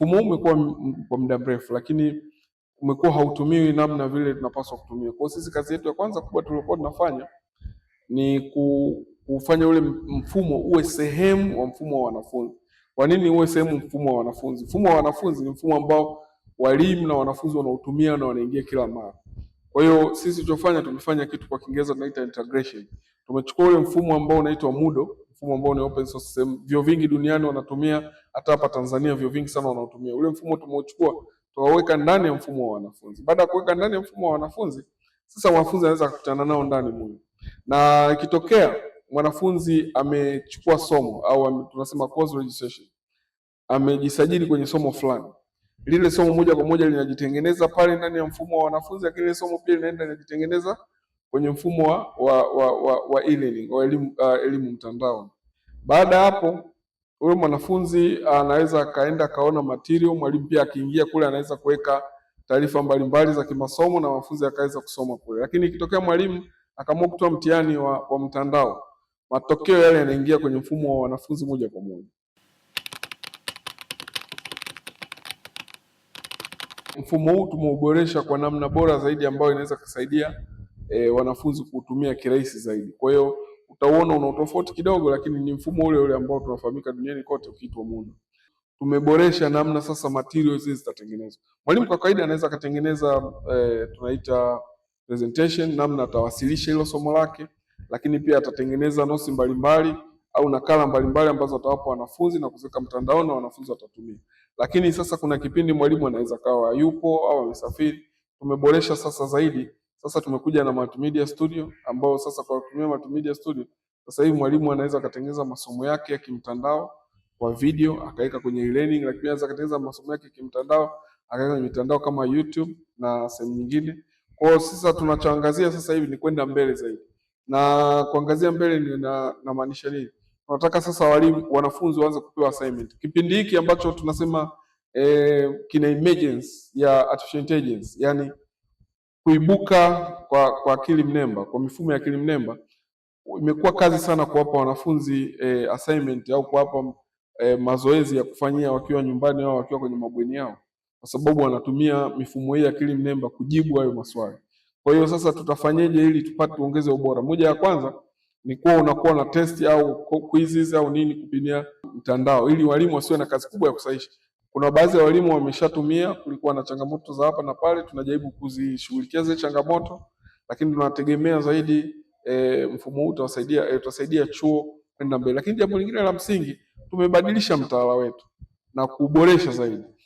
mfumo huu umekuwa kwa muda mrefu, lakini umekuwa hautumiwi namna vile tunapaswa kutumia. Kwa sisi kazi yetu ya kwanza kubwa tuliokuwa tunafanya ni kufanya ule mfumo uwe sehemu wa mfumo wa wanafunzi. Kwa nini uwe sehemu mfumo wa wanafunzi? Mfumo wa wanafunzi ni mfumo ambao walimu na wanafunzi wanautumia na wanaingia kila mara. Kwa hiyo sisi tulichofanya tumefanya kitu kwa Kiingereza tunaita integration. Tumechukua ule mfumo ambao unaitwa Moodle mfumo ambao ni open source system. vyuo vingi duniani wanatumia, hata hapa Tanzania vyuo vingi sana wanatumia. Ule mfumo tumeuchukua tuwaweka ndani ya mfumo wa wanafunzi. Baada ya kuweka ndani ya mfumo wa wanafunzi, sasa wanafunzi anaweza kukutana nao ndani mule, na ikitokea mwanafunzi amechukua somo au tunasema course registration, amejisajili kwenye somo fulani lile somo moja kwa moja linajitengeneza pale ndani ya mfumo wa wanafunzi, lakini lile somo pia linaenda linajitengeneza kwenye mfumo wa, wa, wa, wa, wa e-learning au elimu, uh, elimu mtandao. Baada ya hapo huyo mwanafunzi anaweza akaenda akaona material, mwalimu pia akiingia kule anaweza kuweka taarifa mbalimbali za kimasomo na wanafunzi akaweza kusoma kule. Lakini ikitokea mwalimu akaamua kutoa mtihani wa, wa mtandao, matokeo yale yanaingia kwenye mfumo wa wanafunzi moja kwa moja. Mfumo huu tumeuboresha kwa namna bora zaidi ambayo inaweza kusaidia e, wanafunzi kutumia kirahisi zaidi. Kwa hiyo utauona una tofauti kidogo, lakini ni mfumo ule ule ambao tunafahamika duniani kote ukiitwa MUNA. Tumeboresha namna sasa materials hizi zitatengenezwa. Mwalimu kwa kawaida anaweza akatengeneza e, tunaita presentation, namna atawasilisha hilo somo lake, lakini pia atatengeneza nosi mbalimbali au nakala mbalimbali ambazo atawapa wanafunzi na kuziweka mtandaoni na wanafunzi watatumia. Lakini sasa kuna kipindi mwalimu anaweza kawa yupo au amesafiri. Tumeboresha sasa zaidi sasa tumekuja na Multimedia Studio ambao sasa kwa kutumia Multimedia Studio sasa hivi mwalimu anaweza akatengeneza masomo yake ya kimtandao kwa video akaweka kwenye e-learning, lakini anaweza akatengeneza masomo yake ya kimtandao akaweka kwenye mitandao kama YouTube na sehemu nyingine. Kwa hiyo sasa tunachoangazia sasa hivi ni kwenda mbele zaidi, na kuangazia mbele ni na, na maanisha nini? Tunataka sasa walimu, wanafunzi waanze kupewa assignment kipindi hiki ambacho tunasema eh, kina emergence ya artificial intelligence yani kuibuka kwa, kwa akili mnemba, kwa mifumo ya akili mnemba imekuwa kazi sana kuwapa wanafunzi eh, assignment au kuwapa eh, mazoezi ya kufanyia wakiwa nyumbani au wakiwa kwenye mabweni yao, kwa sababu wanatumia mifumo hii ya akili mnemba kujibu hayo maswali. Kwa hiyo sasa tutafanyeje ili tupate tuongeze ubora? Moja ya kwanza ni kuwa unakuwa na test au quizzes au nini kupimia mtandao, ili walimu wasiwe na kazi kubwa ya kusahisha. Kuna baadhi ya walimu wameshatumia, kulikuwa na changamoto za hapa na pale, tunajaribu kuzishughulikia zile changamoto, lakini tunategemea zaidi e, mfumo huu utasaidia e, eh, utasaidia chuo kwenda mbele. Lakini jambo lingine la msingi, tumebadilisha mtaala wetu na kuboresha zaidi.